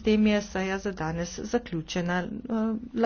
S tem je seja za danes zaključena.